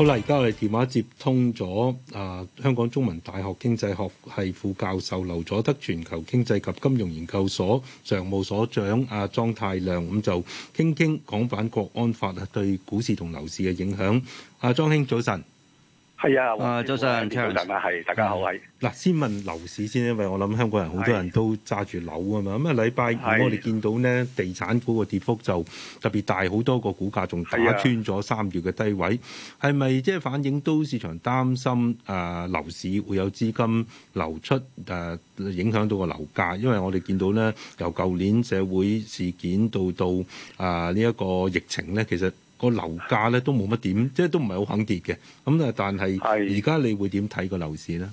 好啦，而家我哋電話接通咗。啊，香港中文大學經濟學系副教授劉佐德，全球經濟及金融研究所常務所長阿莊太量，咁、啊、就傾傾港版國安法對股市同樓市嘅影響。阿莊兄，早晨。係啊，啊，早晨，Charles，大家係，大家好啊。嗱，先問樓市先，因為我諗香港人好多人都揸住樓啊嘛。咁啊的，禮拜二我哋見到呢地產股個跌幅，就特別大，好多個股價仲打穿咗三月嘅低位。係咪即係反映到市場擔心啊樓市會有資金流出誒，影響到個樓價？因為我哋見到呢，由舊年社會事件到到啊呢一個疫情呢，其實。個樓價咧都冇乜點，即係都唔係好肯跌嘅。咁但係而家你會點睇個樓市咧？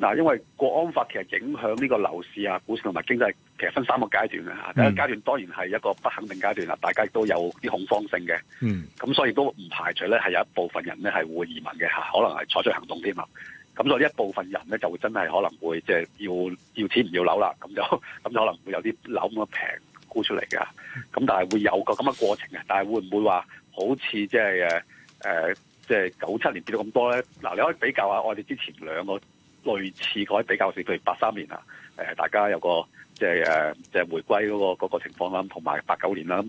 嗱，因為國安法其實影響呢個樓市啊、股市同埋經濟，其實分三個階段嘅嚇。嗯、第一階段當然係一個不肯定階段啦，大家亦都有啲恐慌性嘅。嗯，咁所以都唔排除咧，係有一部分人咧係會移民嘅嚇，可能係採取行動添啊。咁所以呢一部分人咧就會真係可能會即係、就是、要要錢唔要樓啦。咁就咁就可能會有啲樓咁平。沽出嚟嘅，咁但係會有個咁嘅過程嘅，但係會唔會話好似即係誒誒，即係九七年跌到咁多咧？嗱，你可以比較下我哋之前兩個類似，可以比較下，譬如八三年啊，誒，大家有個即係誒，即、呃、係回歸嗰、嗰個嗰個情況啦，同埋八九年啦，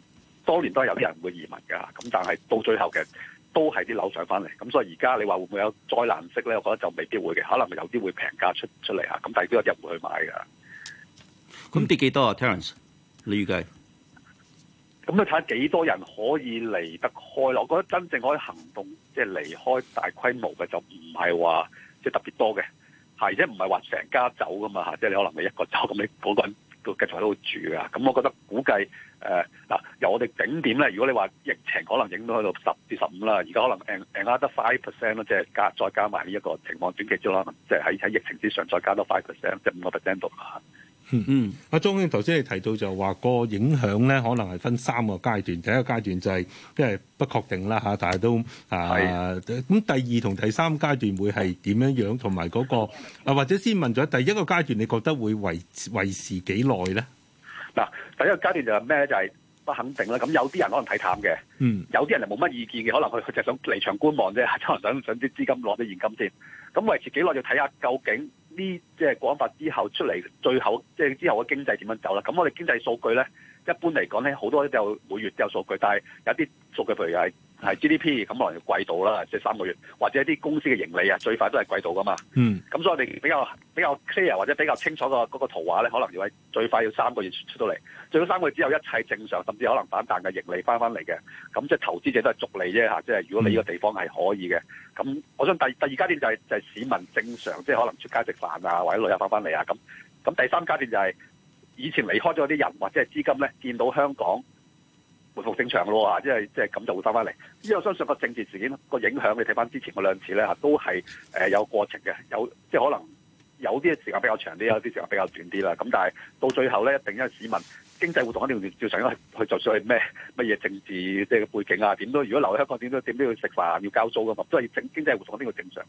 多年都有啲人會移民嘅，咁但係到最後嘅都係啲樓上翻嚟，咁所以而家你話會唔會有災難式咧？我覺得就未必會嘅，可能有啲會平價出出嚟呀，咁但係都有人會去買嘅。咁跌幾多啊，Terence？你預計咁，你睇下幾多人可以離得開咯？我覺得真正可以行動即係、就是、離開大規模嘅就唔係話即係特別多嘅，係，而且唔係話成家走噶嘛，即係、就是、你可能你一個走，咁你嗰個人都繼續喺度住啊。咁我覺得估計嗱、呃、由我哋整點咧，如果你話疫情可能影響去到十至十五啦，而家可能 add 得 five percent 啦，即、就、係、是、加再加埋呢一個情況轉期咗啦，即係喺喺疫情之上再加多 five percent，即係五個 percent 到嗯嗯，阿莊兄頭先你提到就話個影響咧，可能係分三個階段。第一個階段就係即係不確定啦嚇，大家都啊，咁第二同第三階段會係點樣樣？同埋嗰個啊，或者先問咗第一個階段，你覺得會維維持幾耐咧？嗱，第一個階段就係咩咧？就係不肯定啦。咁有啲人可能睇淡嘅，嗯，有啲人係冇乜意見嘅，可能佢佢就係想離場觀望啫，可能想想啲資金攞啲現金先。咁維持幾耐要睇下究竟。呢即係國安法之後出嚟，最後即係、就是、之後嘅經濟點樣走啦？咁我哋經濟數據咧，一般嚟講咧，好多都有每月都有數據，但係有啲數據，譬如係。係 GDP 咁可能要季度啦，即係三個月，或者啲公司嘅盈利啊，最快都係季度噶嘛。嗯。咁所以我哋比較比較 clear 或者比較清楚個嗰個圖畫咧，可能要最快要三個月出到嚟。最少三個月之後一切正常，甚至可能反彈嘅盈利翻翻嚟嘅。咁即係投資者都係逐利啫吓，即係如果你呢個地方係可以嘅，咁、嗯、我想第二第二階段就係、是、就係、是、市民正常，即係可能出街食飯啊，或者旅遊翻翻嚟啊。咁咁第三階段就係以前離開咗啲人或者係資金咧，見到香港恢復正常咯喎，即係即係咁就會翻翻嚟。因為我相信個政治事件、個影響，你睇翻之前嗰兩次咧都係有過程嘅，有即係、就是、可能有啲時間比較長啲，有啲時間比較短啲啦。咁但係到最後咧，一定要市民經濟活動一定要照常去，因為佢就算係咩乜嘢政治即係背景啊，點都如果留喺香港，點都點都要食飯，要交租噶嘛，都係整經濟活動一定要正常。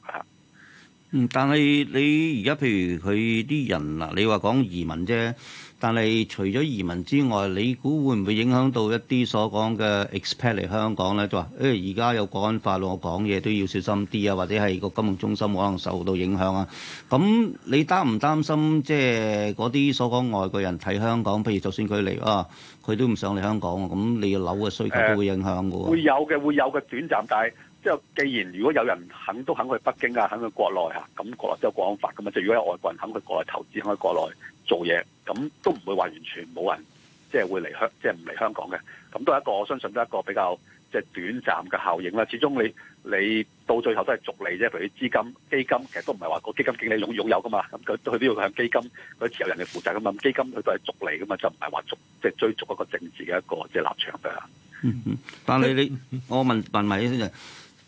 嗯，但係你而家譬如佢啲人你話講移民啫。但係除咗移民之外，你估會唔會影響到一啲所講嘅 expat 嚟香港咧？就話誒，而、欸、家有國安法，我講嘢都要小心啲啊。或者係個金融中心可能受到影響啊。咁你擔唔擔心即係嗰啲所講外國人睇香港，譬如就算佢嚟啊，佢都唔想嚟香港，咁你樓嘅需求都會影響嘅、呃。會有嘅，會有嘅短暫，但係。即係，既然如果有人肯都肯去北京啊，肯去國內啊，咁國內都有國安法噶嘛，就如果有外國人肯去國內投資，肯去國內做嘢，咁都唔會話完全冇人是，即係會嚟香，即係唔嚟香港嘅。咁都係一個，我相信都係一個比較即係、就是、短暫嘅效應啦。始終你你到最後都係逐利啫。譬如資金基金，其實都唔係話個基金經理擁擁有噶嘛。咁佢都要向基金嗰持有人嚟負責噶嘛。基金佢都係逐利噶嘛，就唔係話逐即係追逐一個政治嘅一個即係、就是、立場嘅。嗯，但係你，你我問問埋呢啲。就。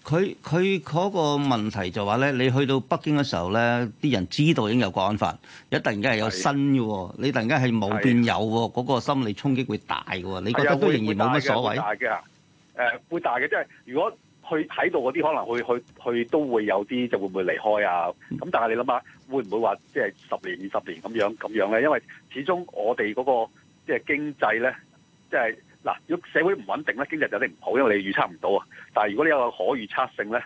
佢佢嗰個問題就話咧，你去到北京嘅時候咧，啲人知道已經有國安法，一突然間係有新嘅喎，是的 你突然間係冇變有喎，嗰是的 個心理衝擊會大嘅喎，的你覺得都仍然冇乜所謂？大嘅，誒會大嘅、呃，即係如果去喺度嗰啲，可能會去去都會有啲，就會唔會離開啊？咁但係你諗下，會唔會話即係十年二十年咁樣咁樣咧？因為始終我哋嗰、那個即係經濟咧，即係。嗱，如果社會唔穩定咧，經濟就有啲唔好，因為你預測唔到啊。但係如果你有個可預測性咧，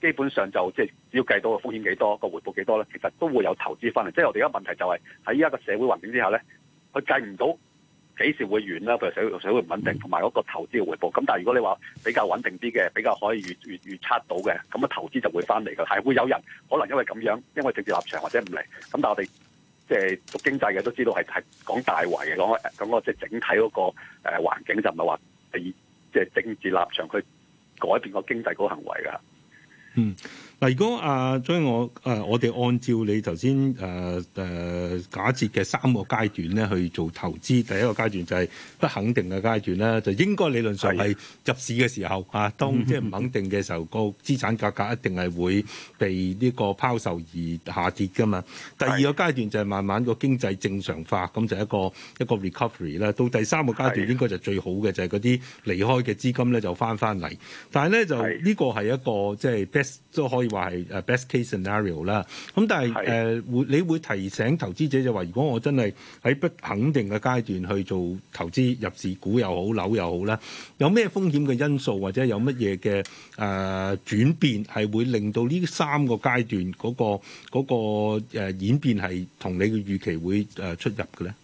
基本上就即係要計到個風險幾多，個回報幾多咧，其實都會有投資翻嚟。即係我哋而家問題就係喺依家個社會環境之下咧，佢計唔到幾時會完啦。譬如社會社會唔穩定，同埋嗰個投資嘅回報。咁但係如果你話比較穩定啲嘅，比較可以預預預測到嘅，咁啊投資就會翻嚟嘅。係會有人，可能因為咁樣，因為政治立場或者唔嚟。咁但係我哋。即係讀經濟嘅都知道，係係講大圍嘅，講我即係整體嗰個環境，就唔係話係以即係政治立場去改變個經濟嗰個行為㗎。嗯。嗱，如果啊，所以我誒，我哋按照你頭先誒假設嘅三個階段咧去做投資，第一個階段就係不肯定嘅階段啦，就應該理論上係入市嘅時候啊，當即係唔肯定嘅時候，個資產價格一定係會被呢個拋售而下跌噶嘛。第二個階段就係慢慢個經濟正常化，咁就一個一個 recovery 啦。到第三個階段應該就最好嘅，就係嗰啲離開嘅資金咧就翻翻嚟。但係咧就呢個係一個即係 best 都可以。話係誒 best case scenario 啦，咁但係誒會你會提醒投資者就話，如果我真係喺不肯定嘅階段去做投資入市，股又好，樓又好啦，有咩風險嘅因素或者有乜嘢嘅誒轉變係會令到呢三個階段嗰個嗰個誒演變係同你嘅預期會誒出入嘅咧？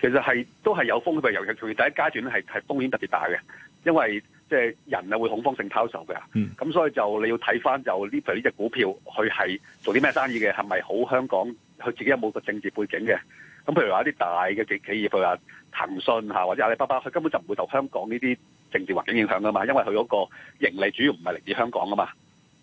其實係都係有風險，尤其從第一階段係係風險特別大嘅，因為。即係人啊會恐慌性拋售嘅，咁、嗯、所以就你要睇翻就譬如呢隻股票，佢係做啲咩生意嘅，係咪好香港？佢自己有冇個政治背景嘅？咁譬如話一啲大嘅企企業，譬如話騰訊嚇或者阿里巴巴，佢根本就唔會受香港呢啲政治環境影響噶嘛，因為佢嗰個盈利主要唔係嚟自香港啊嘛。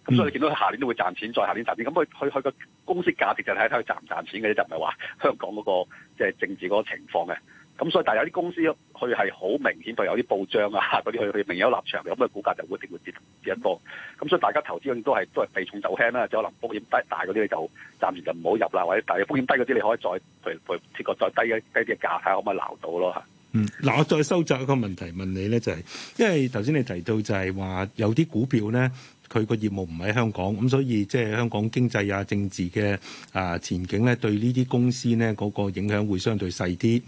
咁所以你見到佢下年都會賺錢，再下年賺錢，咁佢佢佢個公司價值就睇睇佢賺唔賺錢嘅啫，就唔係話香港嗰、那個即係、就是、政治嗰個情況嘅。咁所以，但有啲公司佢係好明顯，佢有啲報章啊，嗰啲佢哋明有立場嘅，咁嘅股價就會定會跌跌得多。咁所以大家投資都係都係避重就輕啦，即可能風險低大嗰啲，你就暫時就唔好入啦，或者大風險低嗰啲，你可以再譬如譬如再低，低一低啲價，睇下可唔可以攪到咯吓。嗯，嗱，我再收集一個問題問你咧，就係、是、因為頭先你提到就係話有啲股票咧。佢個業務唔喺香港，咁所以即係香港經濟啊、政治嘅啊前景咧，對呢啲公司咧嗰個影響會相對細啲。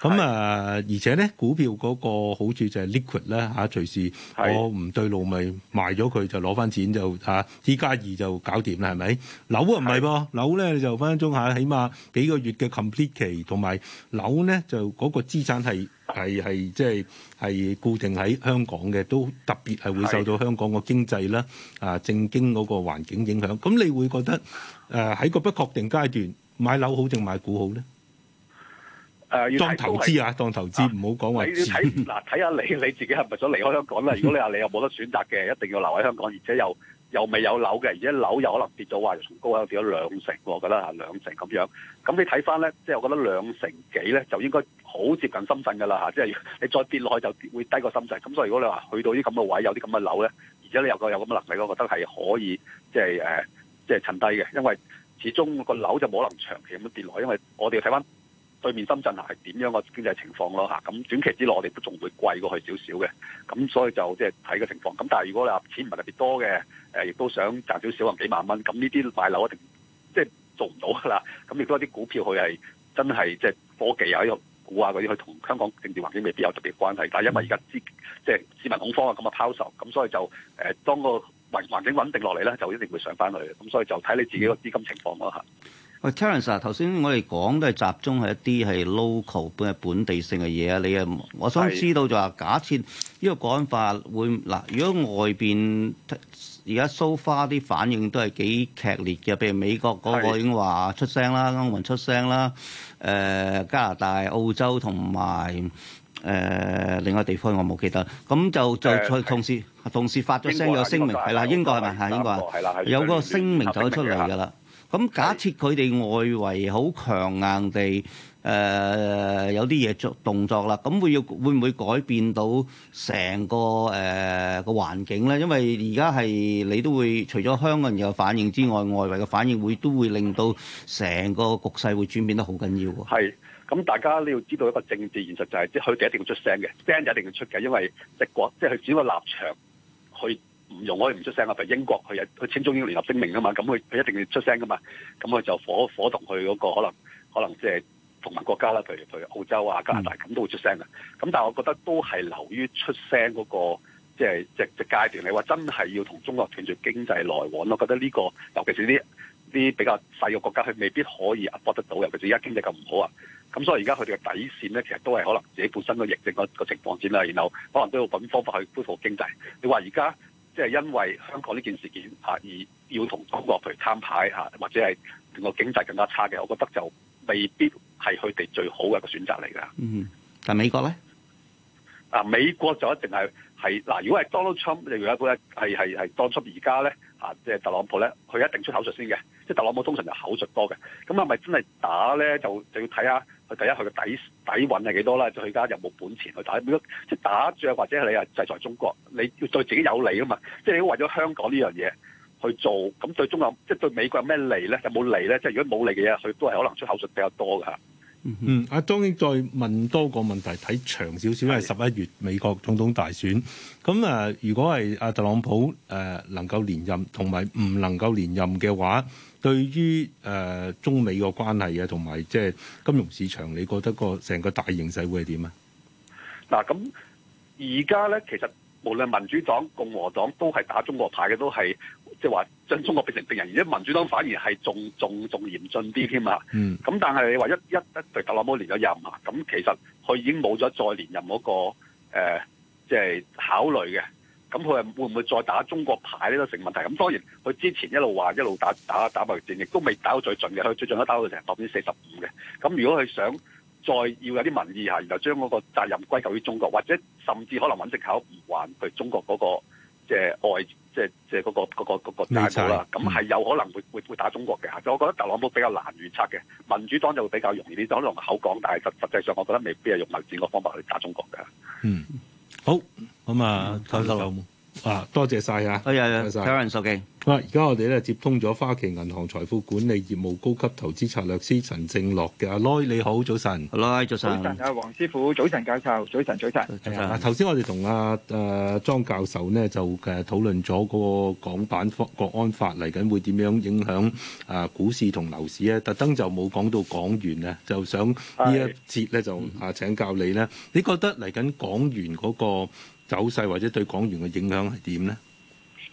咁是的 啊，而且咧股票嗰個好處就係 liquid 啦、啊，嚇，隨時我唔對路咪賣咗佢就攞翻錢就嚇、啊、T 加二就搞掂啦，係咪？樓啊唔係噃，是的 樓咧就分分鐘下，起碼幾個月嘅 complete 期，同埋樓咧就嗰個資產係。係係即係係固定喺香港嘅，都特別係會受到香港個經濟啦啊、政經嗰個環境影響。咁你會覺得誒喺個不確定階段買樓好定買股好咧？誒，要當投資啊，當投資唔好講話。嗱，睇下你你自己係咪想離開香港啦？如果你話你又冇得選擇嘅，一定要留喺香港，而且又。又未有樓嘅，而家樓有可能跌咗，話從高啊跌咗兩成，我覺得嚇兩成咁樣。咁你睇翻咧，即係我覺得兩成幾咧，就，是、就應該好接近深圳噶啦嚇。即、就、係、是、你再跌落去就會低過深圳。咁所以如果你話去到啲咁嘅位，有啲咁嘅樓咧，而且你有夠有咁嘅能力，我覺得係可以即係誒，即、就、係、是呃就是、趁低嘅。因為始終個樓就冇可能長期咁跌落去，因為我哋要睇翻對面深圳嚇係點樣嘅經濟情況咯嚇。咁短期之內我哋都仲會貴過去少少嘅。咁所以就即係睇個情況。咁但係如果你話錢唔係特別多嘅，誒，亦都想賺少少，可能幾萬蚊咁。呢啲買樓一定即係做唔到噶啦。咁亦都有啲股票是，佢係真係即係科技啊，呢個股啊嗰啲，佢同香港政治環境未必有特別關係。但係因為而家資即係市民恐慌啊，咁啊拋售咁，所以就誒當個環環境穩定落嚟咧，就一定會上翻去。咁所以就睇你自己個資金情況咯嚇。喂，Terence 啊，頭先我哋講都係集中係一啲係 local 本係本地性嘅嘢啊。你啊，我想知道就話假設呢個國安法會嗱，啊，如果外邊。而家蘇花啲反應都係幾劇烈嘅，譬如美國嗰個已經話出聲啦，歐盟出聲啦，誒加拿大、澳洲同埋誒另外地方我冇記得，咁就就同時同時發咗聲有聲明，係啦，英國係咪啊？英國有個聲明走咗出嚟㗎啦。咁假設佢哋外圍好強硬地誒有啲嘢做動作啦，咁會要會唔會改變到成個誒個環境咧？因為而家係你都會除咗香港人有反應之外，外圍嘅反應會都會令到成個局勢會轉變得好緊要。係，咁大家你要知道一個政治現實就係，即係佢哋一定要出聲嘅，聲一定要出嘅，因為直覺即係佢只個立場去。唔用可以唔出聲啊。譬如英國佢又佢簽中英聯合聲明啊嘛，咁佢佢一定要出聲噶嘛，咁佢就火火同佢嗰個可能可能即係同盟國家啦，譬如譬如澳洲啊、加拿大咁都會出聲嘅。咁但係我覺得都係流於出聲嗰個即係即即階段。你話真係要同中國斷絕經濟來往咯，覺得呢個尤其是啲啲比較細嘅國家，佢未必可以 support 得到。尤其是而家經濟咁唔好啊，咁所以而家佢哋嘅底線咧，其實都係可能自己本身個疫症個情況先啦。然後可能都要揾方法去恢復經濟。你話而家，即係因為香港呢件事件嚇、啊，而要同中國去攤牌嚇、啊，或者係令個經濟更加差嘅，我覺得就未必要係佢哋最好嘅一個選擇嚟㗎。嗯，但美國咧，啊美國就一定係係嗱，如果係 Donald Trump，你而家覺得係係係 Donald Trump 而家咧嚇，即係、啊就是、特朗普咧，佢一定出口術先嘅，即係特朗普通常就口術多嘅，咁係咪真係打咧？就就要睇下。第一，佢嘅底底蘊係幾多啦，就佢而家有冇本錢去打？如果即係打仗或者係你係制裁中國，你要對自己有利啊嘛？即係你為咗香港呢樣嘢去做，咁最終有，即係對美國有咩利咧？有冇利咧？即係如果冇利嘅嘢，佢都係可能出口術比較多㗎吓。嗯嗯，阿莊，再問多個問題，睇長少少，因為十一月美國總統大選，咁啊的，如果係阿特朗普誒能夠連任，同埋唔能夠連任嘅話。對於誒中美個關係啊，同埋即係金融市場，你覺得個成個大形勢會係點啊？嗱，咁而家咧，其實無論民主黨、共和黨都係打中國牌嘅，都係即係話將中國變成敵人，而且民主黨反而係仲仲仲嚴峻啲添啊。嗯。咁但係你話一一一特朗普連咗任啊，咁其實佢已經冇咗再連任嗰、嗰個、呃、即係考慮嘅。咁佢話會唔會再打中國牌呢？都成問題。咁當然佢之前一路話一路打打打貿戰，亦都未打到最盡嘅。佢最盡都打到成百分之四十五嘅。咁如果佢想再要有啲民意嚇，然後將嗰個責任歸咎於中國，或者甚至可能揾藉口唔還佢中國嗰、那個即係外即係即係嗰、那個嗰、那個嗰、那個債務啦，咁係錯有可能會會、嗯、會打中國嘅。就我覺得特朗普比較難預測嘅，民主黨就會比較容易啲。可能口講，但係實實際上，我覺得未必係用貿戰個方法去打中國嘅。嗯，好。咁啊，教授啊，多謝曬嚇，多謝曬。睇人壽記。哇！而家我哋咧接通咗花旗銀行財富管理業務高級投資策略師陳正犖嘅阿 Lo，你好早晨。好 Lo，早晨。早晨啊，黃師傅，早晨教授，早晨早晨。早晨。頭先我哋同阿阿莊教授咧就嘅討論咗嗰個港版國國安法嚟緊會點樣影響啊股市同樓市咧？特登就冇講到港元啊，就想呢一節咧就啊請教你咧，你覺得嚟緊港元嗰個？走勢或者對港元嘅影響係點呢？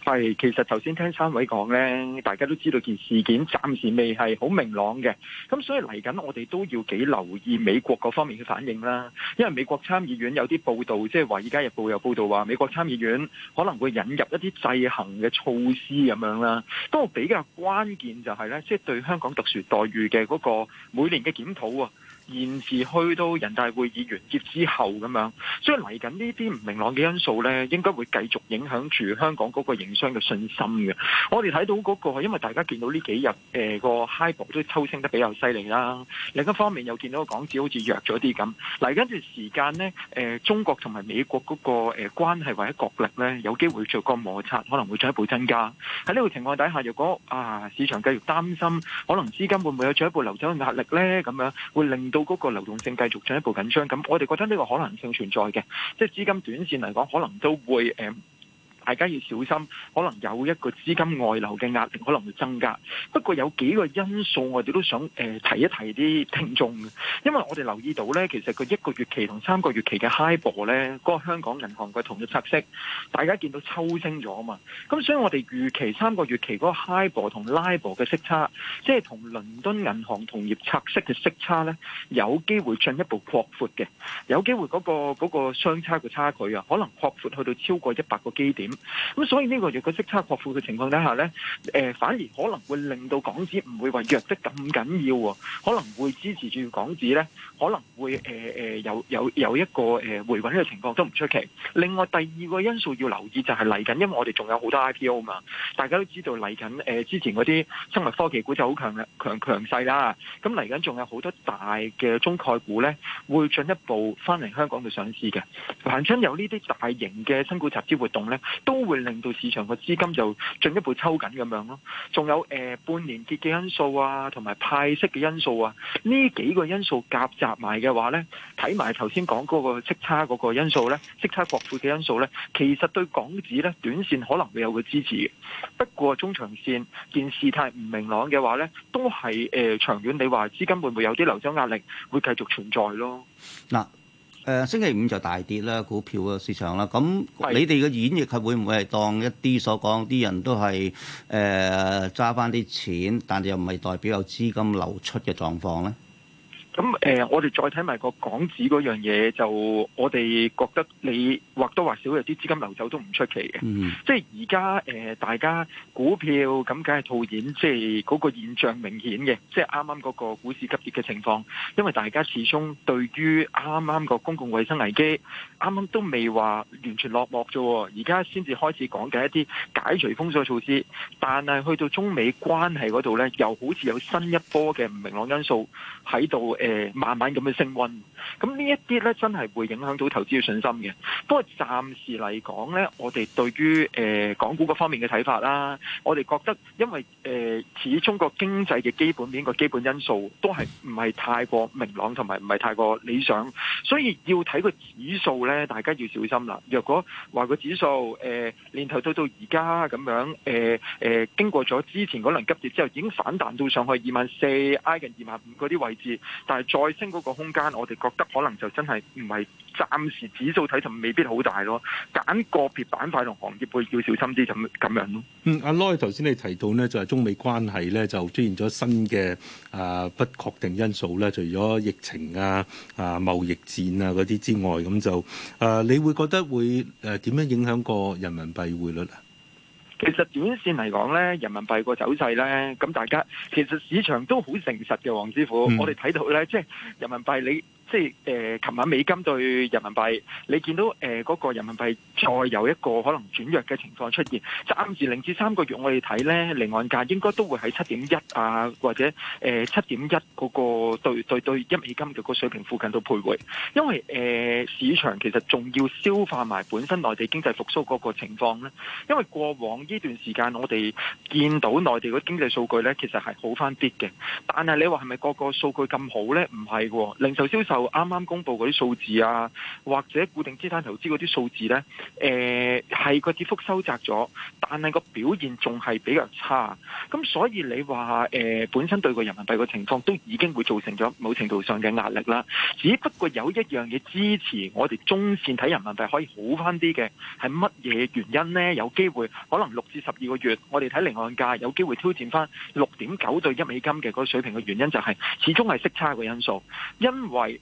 係，其實頭先聽三位講咧，大家都知道件事件暫時未係好明朗嘅，咁所以嚟緊我哋都要幾留意美國嗰方面嘅反應啦。因為美國參議院有啲報道，即係華爾街日報有報道話美國參議院可能會引入一啲制衡嘅措施咁樣啦。不過比較關鍵就係咧，即係對香港特殊待遇嘅嗰個每年嘅檢討啊。現時去到人大會議完結之後咁樣，所以嚟緊呢啲唔明朗嘅因素呢，應該會繼續影響住香港嗰個營商嘅信心嘅。我哋睇到嗰、那個，因為大家見到呢幾日、呃、個 Hi 博都抽升得比較犀利啦。另一方面又見到個港紙好似弱咗啲咁。嚟緊段時間呢，呃、中國同埋美國嗰、那個誒、呃、關係或者角力呢，有機會做個摩擦，可能會進一步增加喺呢個情況底下，如果啊市場繼續擔心，可能資金會唔會有進一步流走嘅壓力呢？咁樣會令到嗰個流動性繼續進一步緊張，咁我哋覺得呢個可能性存在嘅，即係資金短線嚟講，可能都會。誒、嗯。大家要小心，可能有一個資金外流嘅壓力可能會增加。不過有幾個因素，我哋都想誒、呃、提一提啲聽眾，因為我哋留意到呢，其實佢一個月期同三個月期嘅 HIBOR 咧，嗰、那個香港銀行嘅同業拆息，大家見到抽升咗啊嘛。咁所以我哋預期三個月期嗰個 HIBOR 同 LIBOR 嘅息差，即係同倫敦銀行同業拆息嘅息差呢，有機會進一步擴闊嘅，有機會嗰、那個嗰、那個、相差嘅差距啊，可能擴闊去到超過一百個基點。咁、嗯、所以呢個如果息差擴闊嘅情況底下呢，誒、呃、反而可能會令到港紙唔會話弱得咁緊要，可能會支持住港紙呢，可能會誒誒、呃呃、有有有一個誒、呃、回穩嘅情況都唔出奇。另外第二個因素要留意就係嚟緊，因為我哋仲有好多 IPO 嘛，大家都知道嚟緊誒之前嗰啲生物科技股就好強強強勢啦，咁嚟緊仲有好多大嘅中概股呢，會進一步翻嚟香港度上市嘅，凡親有呢啲大型嘅新股集資活動呢。都會令到市場嘅資金就進一步抽緊咁樣咯，仲有誒、呃、半年結嘅因素啊，同埋派息嘅因素啊，呢幾個因素夾雜埋嘅話呢，睇埋頭先講嗰個息差嗰個因素呢，息差擴闊嘅因素呢，其實對港紙呢短線可能會有個支持，不過中長線見事態唔明朗嘅話呢，都係誒、呃、長遠你話資金會唔會有啲流走壓力會繼續存在咯。嗱。呃，星期五就大跌啦，股票嘅市場啦。咁你哋嘅演繹，係會唔會係當一啲所講啲人都係誒揸翻啲錢，但又唔係代表有資金流出嘅狀況咧？咁誒，呃，我哋再睇埋個港紙嗰樣嘢，就我哋覺得你或多或少有啲資金流走都唔出奇嘅。嗯，即係而家誒大家股票咁梗係套現，即係嗰個現象明顯嘅。即係啱啱嗰個股市急跌嘅情況，因為大家始終對於啱啱個公共衛生危機，啱啱都未話完全落幕啫。而家先至開始講緊一啲解除封鎖措施，但係去到中美關係嗰度咧，又好似有新一波嘅唔明朗因素喺度。誒，慢慢咁樣升温，咁呢一啲咧，真係會影響到投資信心嘅。不過暫時嚟講咧，我哋對於誒港股嗰方面嘅睇法啦，我哋覺得因為誒，始終個經濟嘅基本面個基本因素都係唔係太過明朗，同埋唔係太過理想，所以要睇個指數咧，大家要小心啦。若果話個指數誒、呃，年頭到到而家咁樣，誒、呃、誒、呃，經過咗之前嗰輪急跌之後，已經反彈到上去二萬四、挨近二萬五嗰啲位置。但係再升嗰個空間，我哋覺得可能就真係唔係暫時指數睇就未必好大咯。揀個別板塊同行業會要小心啲咁咁樣咯。嗯，阿犖頭先你提到呢，就係、是、中美關係呢，就出現咗新嘅啊不確定因素咧，除咗疫情啊、啊貿易戰啊嗰啲之外，咁就誒、啊、你會覺得會誒點樣影響個人民幣匯率啊？其實短線嚟講呢，人民幣個走勢呢，咁大家其實市場都好誠實嘅，黃師傅，我哋睇到呢，即係人民幣你。即係誒，琴、呃、晚美金對人民幣，你見到誒嗰，呃那個人民幣再有一個可能轉弱嘅情況出現。暫時零至三個月我，我哋睇咧，離岸價應該都會喺七點一啊，或者誒七點一嗰個兌兌兌一美金嘅個水平附近度徘徊。因為誒、呃、市場其實仲要消化埋本身內地經濟復蘇嗰個情況咧。因為過往呢段時間我哋見到內地嘅經濟數據咧，其實係好翻啲嘅。但係你話係咪個個數據咁好咧？唔係嘅，零售銷售。啱啱公布嗰啲數字啊，或者固定資產投資嗰啲數字咧，誒係個跌幅收窄咗，但係個表現仲係比較差，咁所以你話誒、呃、本身對個人民幣個情況都已經會造成咗某程度上嘅壓力啦。只不過有一樣嘢支持我哋中線睇人民幣可以好翻啲嘅，係乜嘢原因咧？有機會可能六至十二個月，我哋睇離岸價有機會挑戰翻六點九對一美金嘅個水平嘅原因、就係，就係始終係息差嘅因素，因為。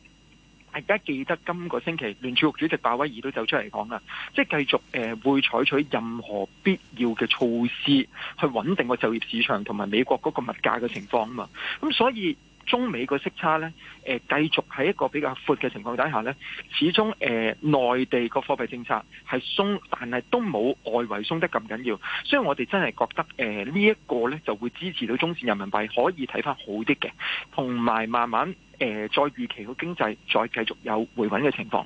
大家記得今個星期聯儲局主席鮑威爾都走出嚟講啦，即係繼續誒、呃、會採取任何必要嘅措施去穩定個就業市場同埋美國嗰個物價嘅情況啊嘛。咁、嗯、所以中美個息差呢，誒、呃、繼續喺一個比較闊嘅情況底下呢，始終誒內地個貨幣政策係鬆，但係都冇外圍鬆得咁緊要。所以我哋真係覺得誒呢一個呢，就會支持到中線人民幣可以睇翻好啲嘅，同埋慢慢。誒、呃，再預期個經濟再繼續有回穩嘅情況，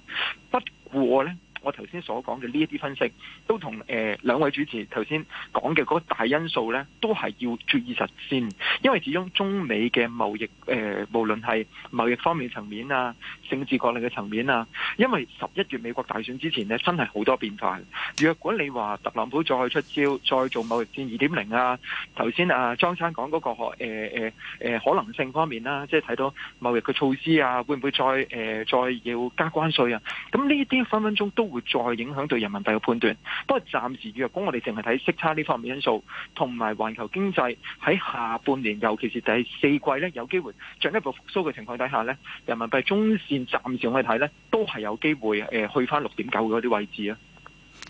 不過呢，我頭先所講嘅呢一啲分析，都同誒兩位主持頭先講嘅嗰個大因素呢，都係要注意實先，因為始終中美嘅貿易誒、呃，無論係貿易方面層面啊、政治角力嘅層面啊，因為十一月美國大選之前呢，真係好多變化。若果你話特朗普再出招、再做貿易戰二點零啊，頭先啊莊生講嗰個、呃呃呃、可能性方面啦、啊，即係睇到貿易嘅措施啊，會唔會再、呃、再要加關稅啊？咁呢啲分分鐘都會再影響對人民幣嘅判斷，不過暫時如果我哋淨係睇息差呢方面因素，同埋環球經濟喺下半年，尤其是第四季呢，有機會進一步復甦嘅情況底下呢，人民幣中線暫時我哋睇呢，都係有機會誒去翻六點九嗰啲位置啊。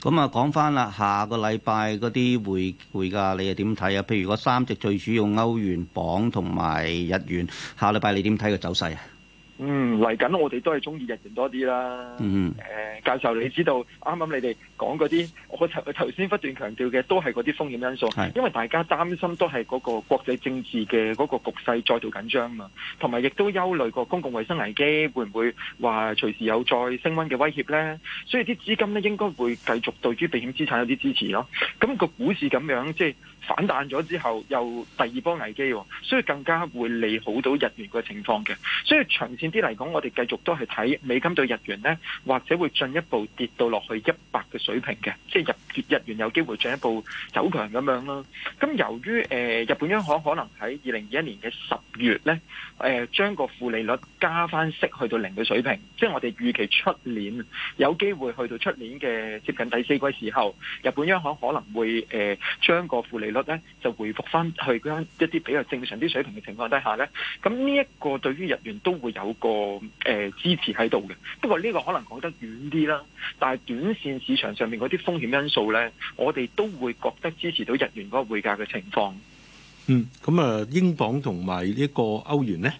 咁啊，講翻啦，下個禮拜嗰啲匯匯價你又點睇啊？譬如嗰三隻最主要歐元、鎊同埋日元，下禮拜你點睇個走勢啊？嗯，嚟緊我哋都係中意日元多啲啦。嗯，誒、呃，教授你知道，啱啱你哋講嗰啲，我頭頭先不斷強調嘅，都係嗰啲風險因素。係是，因為大家擔心都係嗰個國際政治嘅嗰個局勢再度緊張啊嘛，同埋亦都憂慮個公共衛生危機會唔會話隨時有再升溫嘅威脅咧。所以啲資金咧應該會繼續對於避險資產有啲支持咯。咁個股市咁樣即係。反彈咗之後，又第二波危機，哦，所以更加會利好到日元個情況嘅。所以長線啲嚟講，我哋繼續都係睇美金對日元呢，或者會進一步跌到落去一百嘅水平嘅，即係日日元有機會進一步走強咁樣囉。咁由於、呃、日本央行可能喺二零二一年嘅十月呢，將、呃、個負利率加翻息去到零嘅水平，即係我哋預期出年有機會去到出年嘅接近第四季時候，日本央行可能會將、呃、個負利率。率咧就回復翻去嗰一啲比較正常啲水平嘅情況底下咧，咁呢一個對於日元都會有個誒支持喺度嘅。不過呢個可能講得遠啲啦，但係短線市場上面嗰啲風險因素咧，我哋都會覺得支持到日元嗰個匯價嘅情況。嗯，咁啊，英鎊同埋呢個歐元咧。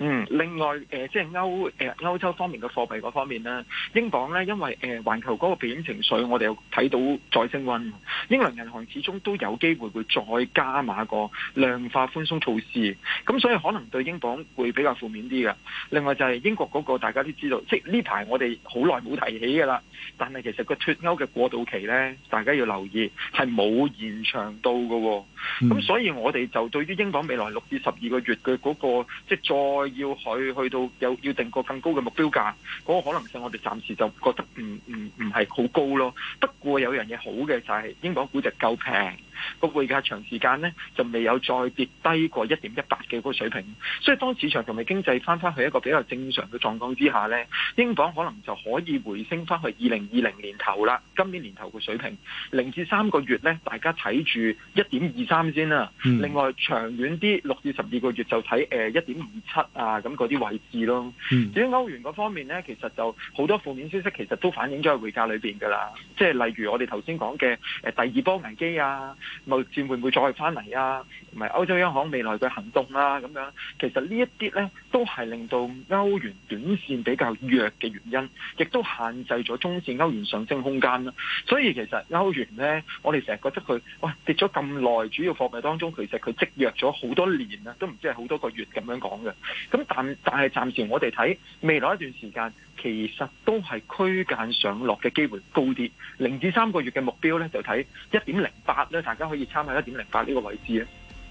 嗯，另外誒、呃，即係歐誒歐、呃、洲方面嘅貨幣嗰方面呢，英鎊呢，因為誒環、呃、球嗰個避險情緒，我哋又睇到再升溫。英倫銀行始終都有機會會再加碼個量化寬鬆措施，咁所以可能對英鎊會比較負面啲嘅。另外就係英國嗰個大家都知道，即係呢排我哋好耐冇提起㗎啦，但係其實個脫歐嘅過渡期呢，大家要留意係冇延長到喎。咁、哦、所以我哋就對於英鎊未來六至十二個月嘅嗰、那個即再。要去去到有要定個更高嘅目標價，嗰個可能性我哋暫時就覺得唔唔唔係好高咯。不過有樣嘢好嘅就係英鎊估值夠平，個匯價長時間咧就未有再跌低過一點一八嘅嗰個水平。所以當市場同埋經濟翻翻去一個比較正常嘅狀況之下咧，英鎊可能就可以回升翻去二零二零年頭啦，今年年頭嘅水平零至三個月咧，大家睇住一點二三先啦。嗯、另外長遠啲六至十二個月就睇誒一點二七。啊，咁嗰啲位置咯。至於歐元嗰方面呢，其實就好多負面消息，其實都反映咗喺匯價裏面噶啦。即係例如我哋頭先講嘅第二波危機啊，貿易戰會唔會再翻嚟啊？同埋歐洲央行未來嘅行動啦、啊，咁樣其實呢一啲呢，都係令到歐元短線比較弱嘅原因，亦都限制咗中線歐元上升空間啦。所以其實歐元呢，我哋成日覺得佢哇跌咗咁耐，主要貨幣當中其實佢積弱咗好多年啊，都唔知係好多個月咁樣講嘅。咁但但係暫時我哋睇未來一段時間，其實都係區間上落嘅機會高啲。零至三個月嘅目標咧，就睇一點零八咧，大家可以參考一點零八呢個位置啊。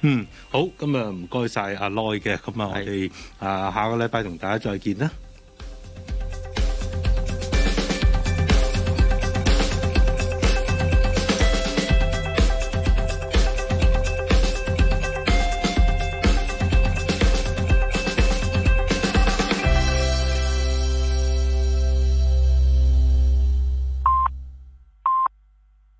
嗯，好，咁的啊唔該晒阿犖嘅，咁啊我哋啊下個禮拜同大家再見啦。